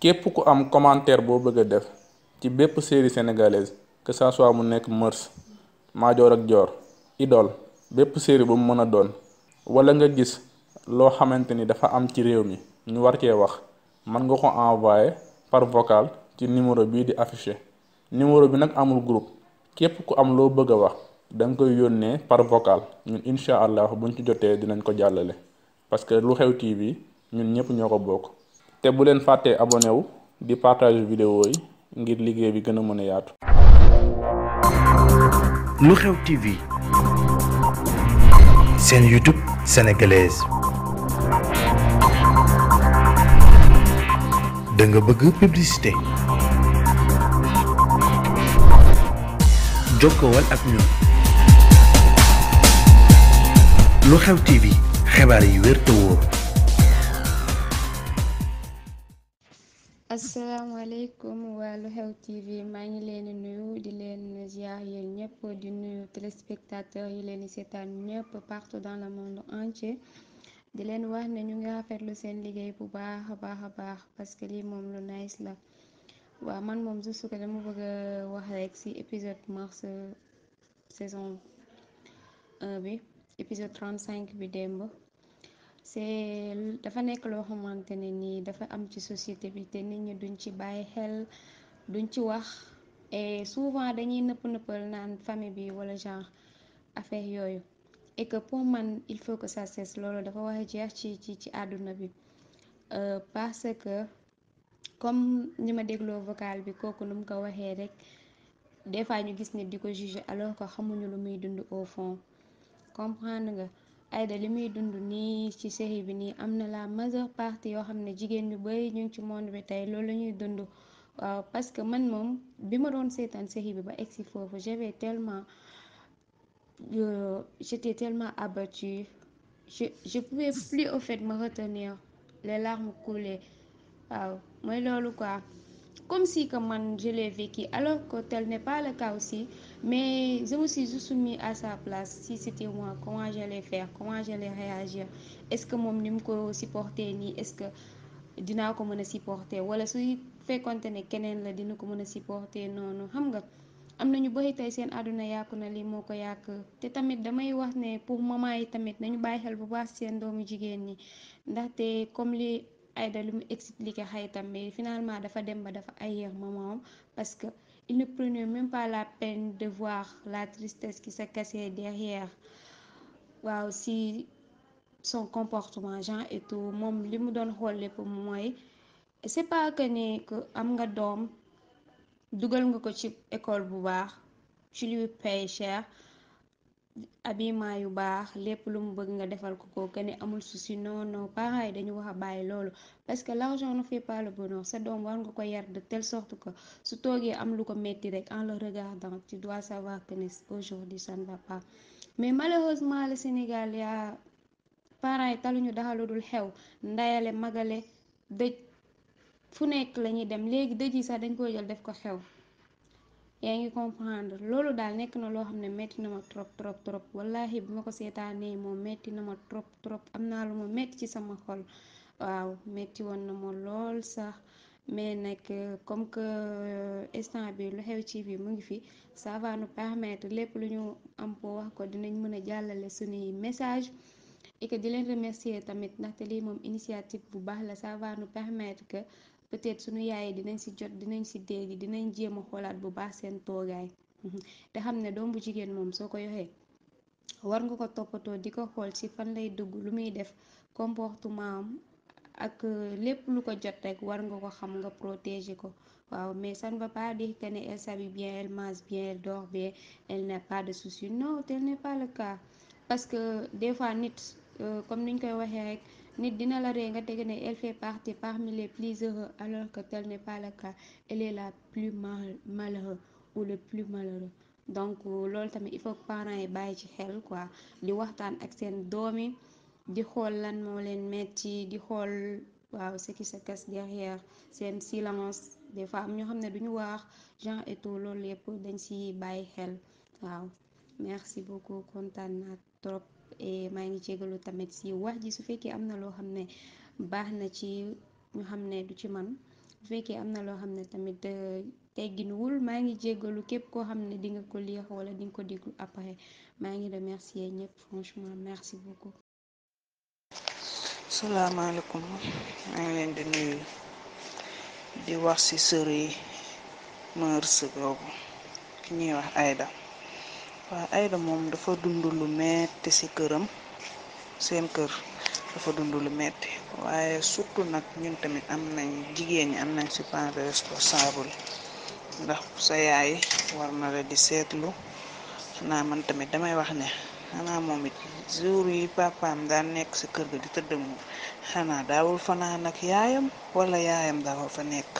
képp ku am commentaire boo bëgg def ci bépp série sénégalaise que ça soit mu nekk Mœurs Madior ak Dior Idole bépp série bu mu mën a doon wala nga gis loo xamante ni dafa am ci réew mi ñu war cee wax mën nga ko envoyé par vocal ci numéro bii di affiché numéro bi nag amul group képp ku am loo bëgg a wax da nga koy yónnee par vocal ñun incha allah buñ ci jotee dinañ ko jàllale parce que lu xew TV ñun ñëpp ñoo ko bokk. te bu leen fàttee abonné wu di partage vidéo yi ngir liggéey bi gën a mën a yaatu. lu xew TV seen YouTube sénégalaise da bëgg publicité jokkowal ak ñun lu xew TV xibaar yi wér wóor. asalaamaaleykum waa Lu Xew TV maa ngi leen nuyu di leen ziar yéen ñëpp di nuyu téléspectateurs yi leen di seetaan ñëpp partout dans le monde entier di leen wax ne ñu ngi lu seen liggéey bu baax a baax a baax parce que lii moom lu nice la waaw man moom juste que dama bëgg a wax rek ci épisode mars euh, saison 1 bi épisode 35 bi démb c'est dafa nekk loo xamante ne nii dafa am ci société bi te nit ñi duñ ci bàyyi xel duñ ci wax et souvent dañuy nëpp nëppal naan famille bi wala genre affaire yooyu et que pour man il faut que sa cesse loolu dafa wax jeex ci ci ci àdduna bi euh, parce que comme ni ma dégloo vocal bi kooku num ko waxee rek des fois ñu gis ni di ko juger alors ko xamuñu lu muy dund au fond comprendre nga. ayda li muy dund nii ci série bi nii am na la majeure partie yoo xam ne jigéen ñu bari ñu ci monde bi tey loolu la ñuy dund waaw parce que man moom bi ma doon seetaan série bi ba si foofu j'avais tellement euh, j'étais tellement abattue je je pouvais plus au fait me retenir les larmes coulaient waaw mooy loolu quoi. comme si que man je l'ai vécu alors que tel ne pas le cas aussi mais je si suis juste mis à sa place si c'était moi comment j'allais faire comment j'allais réagir est-ce que moom ni mu ko supporter nii est-ce que dinaa ko mën a supporter wala suy fekkonte ne keneen la dina ko mën a supporter noonu xam nga am na ñu bëri tey seen àdduna yàqu na lii moo ko yàq te tamit damay wax ne pour maman yi tamit nañu bàyyi xel bu baax seen doomu jigéen ñi ndaxte comme li Aïda lu mu expliqué xaritam mais finalement dafa dem ba dafa ailleurs maman parce que il ne prenait même pas la peine de voir la tristesse qui se cachait derrière waaw si son comportement genre et tout moom li mu doon xool lépp mooy c'est pas que ne que am nga doom dugal nga ko ci école bu baax ci lui paye habillement yu baax lépp lu mu bëgg nga defal ko ko kenn amul souci non non parents yi dañu wax a bàyyi loolu parce que l'argent ne fait pas le bonheur sa doom war nga ko yar de tele sorte que su toogee am lu ko metti rek en le regardant ci dois savoir que ne aujourd'hui ça ne va pas mais malheureusement le Sénégal yaa parents yi taluñu ñu lu dul xew ndayale magale dëj fu nekk lañuy dem léegi dëj yi sax dañ koy jël def ko xew yaa ngi comprendre loolu daal nekk na loo xam ne metti na ma trop trop trop wallahi bi ma ko seetaanee moom metti na ma trop trop am naa lu ma metti ci sama xol waaw metti woon na ma lool sax mais nag comme que euh, instant bi lu xew ci bi mu ngi fi savant va nous lépp lu ñu am pour wax ko dinañ mën a jàllale suñuy message et di leen remercier tamit ndaxte lii moom initiative bu baax la ça va nous peut-être suñu yaay yi dinañ si jot dinañ si dégg dinañ jéem a xoolaat bu baax seen toogaay mhm. te xam ne doom bu jigéen moom soo ko yoxee war nga ko toppatoo di ko xool ci fan lay dugg lu muy def comportement am ak euh, lépp lu ko jot rek war nga ko xam nga protéger ko waaw mais san ba va pas dire que ne elle s'habille bien elle mange bien elle dort bien elle n'a pas de soucis non tel n'est pas le cas parce que des fois nit euh, comme niñ koy waxee rek. nit dina la ree regretter que elle fait partie parmi les plus heureux alors que tel ne pas le cas elle est la plus malheureuse ou le plus malheureux donc loolu tamit il faut que parents yi bàyyi ci xel quoi di waxtaan ak seen doomi di xool lan moo leen metti di xool waaw ce qui se cache derrière seen silence des fois am ñoo xam ne duñu wax genre et tout loolu yëpp dañ ci bàyyi xel waaw merci beaucoup kontaan naa trop E maa ngi jégalu tamit si wax ji su fekkee am na loo xam ne baax na ci ñu xam ne du ci man su fekkee am na loo xam ne tamit euh, tegginuwul maa ngi jégalu képp koo xam ne di nga ko lire wala di nga ko diggu après maa ngi remercier ñëpp franchement merci beaucoup. di wax ci sëriñ mœurs boobu ki ñuy wax ayda waa Aida moom dafa dund lu metti ci këram seen kër dafa dund lu metti waaye surtout nag ñun tamit am nañ jigéen ñi am nañ ci part de responsable ndax sa yaay war na la di seetlu xanaa man tamit damay wax ne xanaa moom it jour yi papaam daan nekk ci kër ga di tëdd moom xanaa daawul fanaan yaayam walla yaayam daawul fa nekk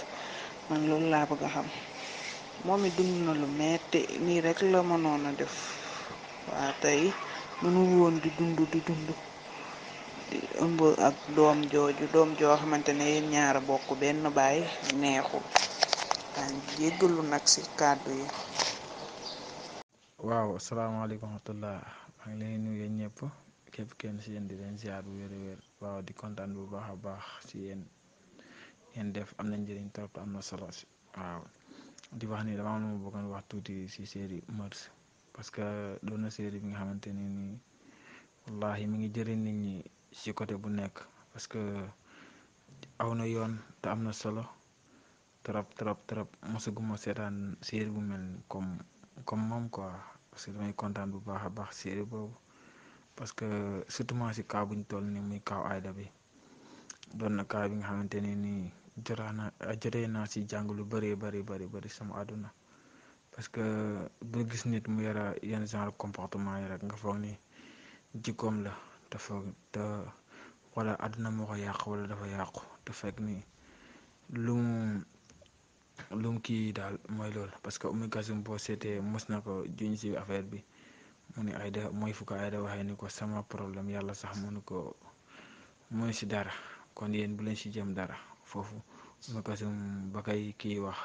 man loolu laa bëgg a xam moom it dund na lu metti nii rek la mënoon a def waa tey mënul woon di dund di dund di ëmb ak doom jooju doom joo xamante ne yéen ñaara bokk benn baay neexul daan lu nag ci kàddu yi waaw asalaamaaleykum wa rahmatullah maa ñëpp képp kenn ci yéen di leen ziar waaw di kontaan bu baax a baax ci yéen yéen def am na njëriñ trop am na solo waaw di wax nii dama am lu ma bëggoon wax tuuti si série Mœurs parce que doon na série bi nga xamante ne nii wallaahi mi ngi jëriñ nit ñi si côté bu nekk parce que aw na yoon te am na solo trop trop trop mosaguma seetaan série bu mel ni comme comme moom quoi parce que damay kontaan bu baax a baax série boobu parce que surtout si cas bu ñu toll nii muy kaaw Aida bi doon na cas bi nga xamante ne nii. jëraa na jëree naa si jàng lu bëree bëri bëri bëri sama àdduna parce que bu gis nit mu yara yenn genre comportement yi rek nga foog ni jikoom la te foog te wala àdduna moo ko yàq wala dafa yàqu te ni lu kii daal mooy lool parce que Oumy boo seetee mos na ko juñ si affaire bi mu ni Aida mooy fu ko Aida waxee ni ko sama problème yàlla sax mënu ko mooy si dara kon yéen bu si jëm dara foofu makasin ba kay kii wax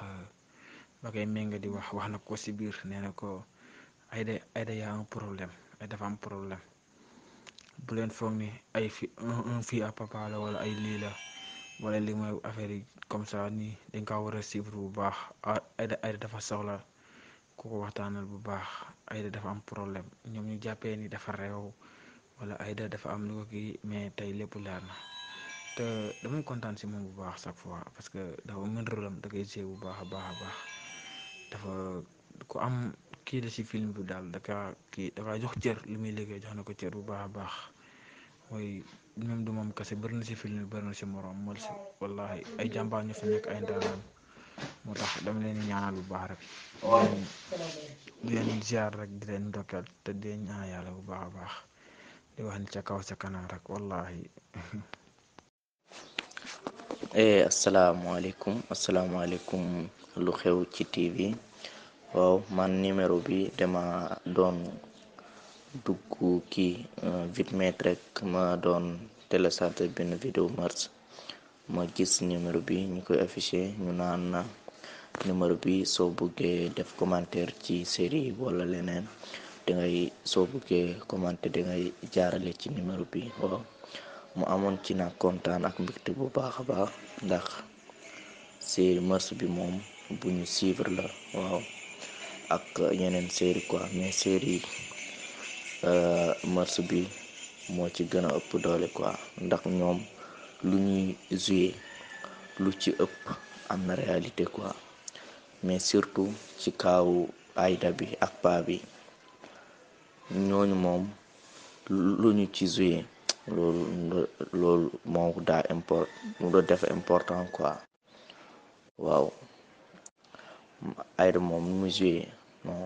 ba kay ménga di wax wax na ko si biir nee na ko Aida Aida yaa am problème ay dafa am problème bu leen foog ni ay fi un fii wala ay lii la wala li mooy affaire yi comme ça nii dañ kaa war a suivre bu baax Aida dafa soxla ku ko waxtaanal bu baax Aida dafa am problème ñoom ñu jàppee ni dafa réew wala ayda dafa am lu ko kii mais tey lépp leer na te damay kontaan si moom bu baax chaque fois parce que dafa mën rôle am da bu baax a baax a baax dafa ku am kii la si film daal da kii dafa jox cër lu muy liggéey jox na ko cër bu baax a baax mooy même du moom kese bëri si film bi bëri na si morom mooy si wallaahi ay jàmbaar ñu nekk ay ndaanaan moo tax dama leen ñaanal bu baax rek di leen ziar rek di te di yàlla bu baax a baax di wax ca kaw ca kanam rek wallaahi. Eh, asalaamaaleykum asalaamaaleykum lu xew ci TV waaw man numéro bi dama doon dugg kii euh, vite rek ma doon téléchargé benn vidéo mars ma gis numéro bi ñu koy affiché ñu naan numéro bi soo buggee def commentaire ci série wala leneen dangay soo buggee commenter dangay jaarale ci numéro bi waaw. mu amoon ci na kontaan ak mbégte bu baax a baax ndax série mœurs bi moom bu ñu suivre la waaw ak yeneen série quoi mais série euh, mœurs bi moo ci gën a ëpp doole quoi ndax ñoom lu ñuy joué lu ci ëpp am na réalité quoi mais surtout ci kaawu Aïda bi ak paa bi ñooñu moom lu ñu ci joué loolu loolu moom daa def important quoi waaw Aïda moom mu joué non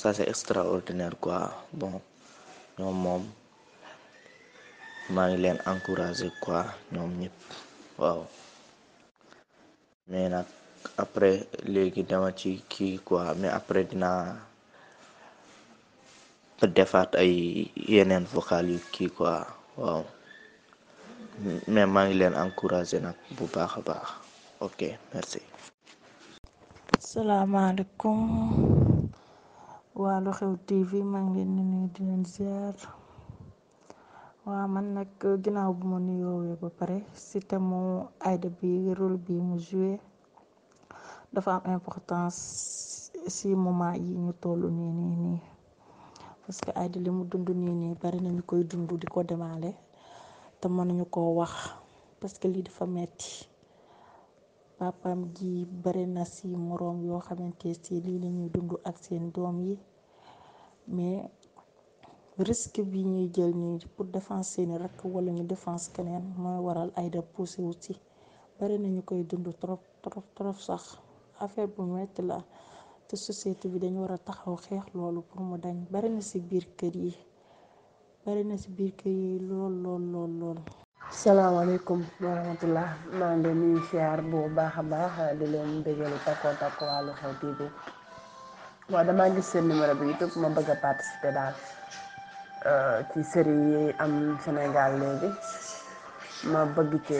ça extraordinaire quoi bon ñoom moom maa ngi leen encouragé quoi ñoom ñëpp waaw mais nag après léegi dama ci kii quoi mais après dinaa defaat ay yeneen vocal yu kii quoi waaw mais maa ngi leen encouragé nag bu baax a baax ok merci salaamaaleykum waa Lu Xew TV maa ngi leen di nuyu di leen ziar waa man nag ginaaw bu ma nuyoowee ba pare si temu ayda bi rôle bi mu joué dafa am importance si moment yi ñu toll nii nii nii parce que Aida li mu dund nii nii bari nañu koy dund di ko demaale te mën nañu koo wax parce que lii dafa metti papaam ji bari na si moroom yoo xamante ci lii la ñuy dund ak seen doom yi mais risque bi ñuy jël nii pour defence seeni rakk wala ñu défense keneen mooy waral Aida poussé wu bari nañu koy dund trop trop trop sax affaire bu metti la te bi dañu war a taxaw xeex loolu pour mu dañ bari na ci biir kër yi bari na ci biir kër yi lool lool lool lool. salaamaaleykum wa maa ngi leen di nuyu siyaar bu baax a baax di leen déglu takkoo takkoo Lu Xew TV waaw damaa gis seen numéro bi yëpp ma bëgg a participer daal euh, ci série yi am Sénégal léegi ma bëgg ci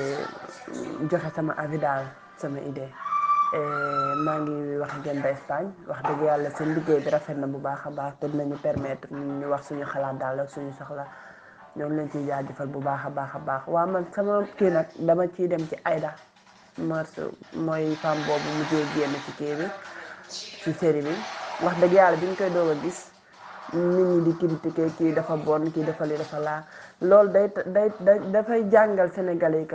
joxe sama avis sama idée. Euh, maa ngi wax jëm ba Espagne wax dëgg yàlla seen liggéey bi rafet na bu baax a baax te dinañu permettre ñu wax suñu xalaat daal ak suñu soxla ñoo ngi leen ciy jaajëfal bu baax a baax a baax waa man sama kii nag dama ciy dem ci ayda mars mooy femme boobu mujjee génn ci kii bi ci série bi wax dëgg yàlla bi ñu koy doog a gis nit ñi di critiquer kii dafa bon kii dafa li dafa laa lool day day dafay jàngal Sénégalais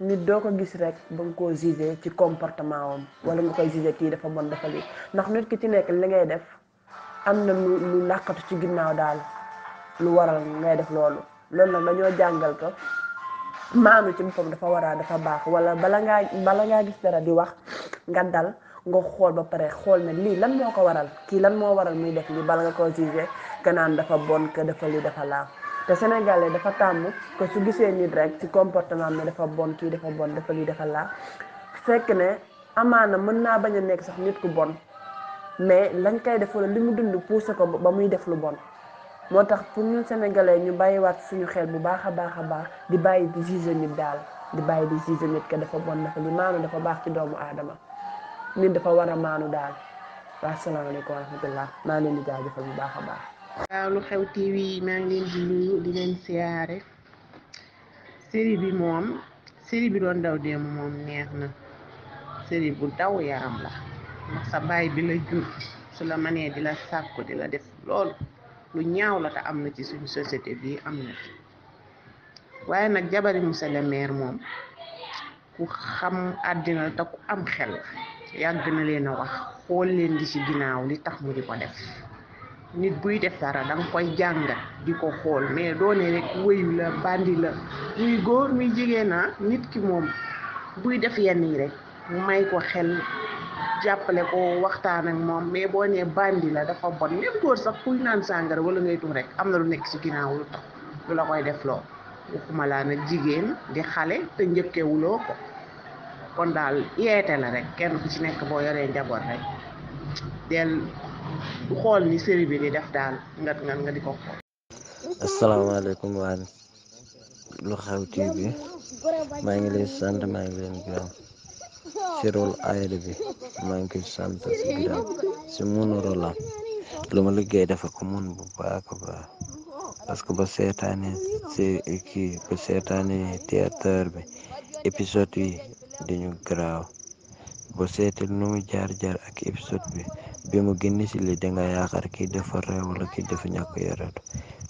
nit doo ko gis rek ba nga koo juger ci comportement am wala nga koy juger kii dafa bon dafa lii ndax nit ki ci nekk li ngay def am na lu làqatu ci ginnaaw daal lu waral ngay def loolu loolu nag ñoo jàngal ko maanu ci boppam dafa waraa dafa baax wala bala ngaa bala ngaa gis dara di wax nga dal nga xool ba pare xool na lii lan moo ko waral kii lan moo waral muy def lii bala nga ko juger que naan dafa bon que dafa lii dafa laaw te sénégalais dafa tàmm ko su gisee nit rek ci comportement mi dafa bon kii dafa bon dafa lii dafa laa fekk ne amaana mën naa bañ a nekk sax nit ku bon mais lañ koy def wala li mu dund poussé ko ba muy def lu bon moo tax pour ñun sénégalais ñu bàyyiwaat suñu xel bu baax a baax a baax di bàyyi di juger nit daal di bàyyi di juger nit que dafa bon dafa li maanu dafa baax ci doomu aadama nit dafa war a maanu daal waaw salaamaaleykum wa rahmatullah maa leen di jaajëfal bu baax a baax waaw lu xew TV maa ngi leen di nuyu di leen siyaare série bi moom série bi doon daw démb moom neex na série bu daw yaram la sa baay bi la jur su la manee di la sàkku di la def loolu lu ñaaw la te am na ci suñu société bii am na waaye nag jabari monsieur le moom ku xam àddina te ku am xel yàgg na leen a wax xool leen di ci ginnaaw li tax mu di ko def nit buy def dara danga koy jàngat di ko xool mais doone rek wéyu la bàndi la muy góor muy jigéen naa ah, nit ki moom buy def yenn yi rek may ko xel jàppale ko waxtaan ak moom mais boo nee bandi la dafa bon même sax kuy naan sàngara wala ngay tux rek am na lu nekk ci ginnaaw lu tax lu la koy def loo waxuma laa jigéen di xale te njëkkewuloo ko kon daal yeete la rek kenn ku ci nekk boo yoree njaboot rek du xool ni série bi di def daal nga di ko xool. asalaamaaleykum waa lu xew TV maa ngi lay sant maa ngi leen gërëm ci rôle aéré bi maa ngi koy sant si gërëm si munu lu ma liggéey dafa ko mun bu baax baax parce que ba seetaane si kii ba seetaane théâtre bi épisode yi dañu garaaw ba seetal nu mu jaar jaar ak épisode bi. bi mu génn ci li danga yaakaar kii dafa réew wala kii dafa ñàkk yoretu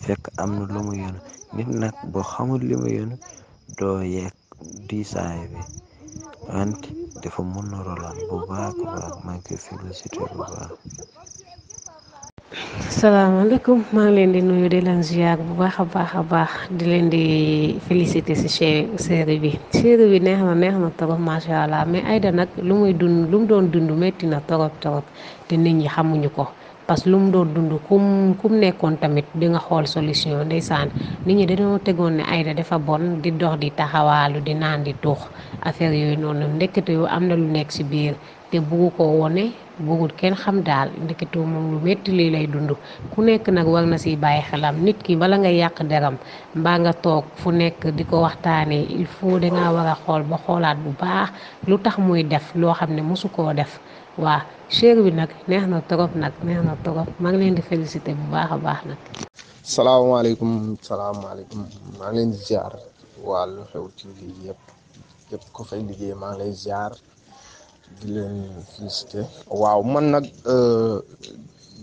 fekk am na lu mu yoon nit nag boo xamul li mu yoon doo yeeg diisaay bi wante dafa mën a rolaan bu baax a baax maa koy félicité bu baax salaamaaleykum maa ngi leen di nuyu di leen ziar bu baax a baax a baax di leen di félicité si série bi série bi neex na neex ma torop macha allah mais ayda nag lu muy dund lu mu doon dund métti na torop torop te nit ñi xamuñu ko parce que lu mu doon dund kum kum nekkoon tamit di nga xool solution ndeysaan nit ñi dañoo tegoon ne Aïda defa bon di dox di taxawaalu di naan di tuux affaire yooyu noonu ndekkate yu am na lu nekk ci biir. te bugg koo wone bëggul kenn xam daal ndeketoo moom lu métti lii lay dund ku nekk nag war na ci bàyyi xelam nit ki bala nga yàq deram mbaa nga toog fu nekk di ko waxtaanee il faut dangaa war a xool ba xoolaat bu baax lu tax muy def loo xam ne mosu koo def waa cher bi nag neex na trop nag neex na trop maa ngi leen di félicité bu baax a baax nag. salaamaaleykum salaamaaleykum maa leen di waa Lu Xew TV yëpp yëpp ko fay liggéey maa lay ziar. di waaw man nag euh,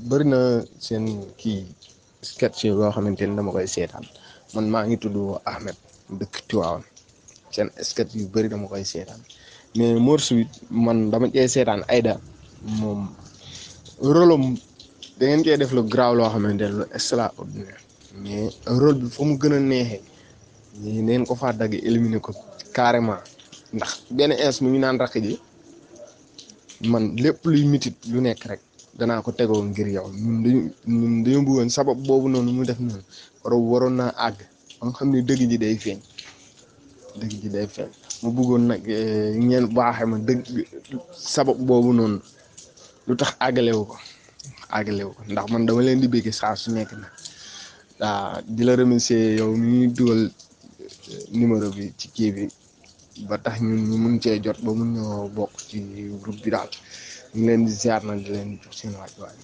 bëri na seen kii sketch yoo xamante ni dama koy seetaan man maa ngi tudd Ahmed dëkk Tiwaawan seen sketch yu bëri dama koy seetaan mais Mor man dama cee seetaan Aida moom rôlam da ngeen cee def lu graaw loo xamante ne lu extraordinaire mais rôle bi fa mu gën a neexee ñu neen ko faa dagg éliminer ko carrément ndax benn ins mu ñu naan rakk ji man lépp luy mitit lu nekk rek danaa ko tegoo ngir yow ñun dañu ñun sabab boobu noonu mu def noonu waro waroon naa àgg ba xam ne dëgg ji day feeñ dëgg day feeñ mu bëggoon nag ñeen eh, baaxe ma dëgg sabab boobu noonu lu tax àggalewu ko àggalewu ndax man dama leen di békki saa su nekk na waa di la yow mi ñuy dugal eh, numéro bi ci kii bi ba tax ñun ñu mun cee jot ba mun ñoo bokk ci groupe bi daal ñu leen di ziar na di leen jox waaj waaj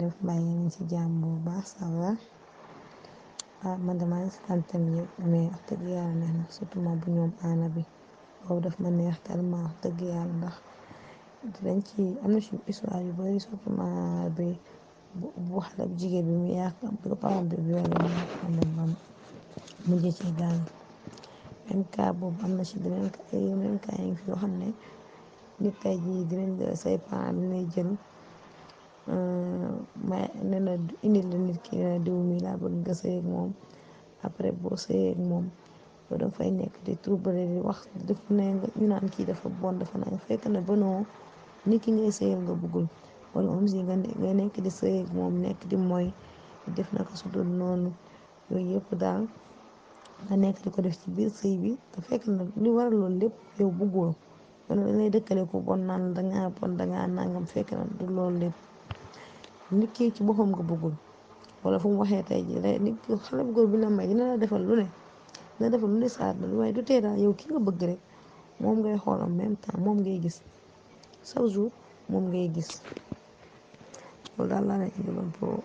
def bàyyi ngeen ci jàmm bu baax ça va ah man damaa ngi sant tam mais wax dëgg yàlla neex na surtout ma bu ñoom aana bi boobu daf ma neex tellement wax dëgg yàlla ndax dinañ ci am na suñu histoire yu bari surtout ma bi bu xale bu jigéen bi mu yàq bi mu yàq mujj ci daan même cas boobu am na ci beneen ay même yi fi yoo xam ne nit tey jii dinañ say parents dinañ jël euh, ma ne indi la nit ki ne diw mi laa bëgg nga sëy moom après boo sëyee moom yow da nekk di trouble di wax def ne ñu naan kii dafa bon dafa naan fekk na ba nit ki ngay sëyal nga bëggul wala moom si nga nekk di sëy ak moom nekk di mooy def na ko su dul noonu yooyu yëpp daal nga nekk di ko def ci biir sëy bi te fekk na li waral loolu lépp yow bëggoo wala lay dëkkale ko bon naan dangaa bon dangaa nangam fekk na du loolu lépp nit ki ci boppam nga bëggul wala fu mu waxee tey jii day nit ki xale góor bi la may dina la defal lu ne dina defal lu ne saat dina waaye du tee daal yow ki nga bëgg rek moom ngay xool en temps moom ngay gis chaque jour moom ngay gis. O da Allah ne için bu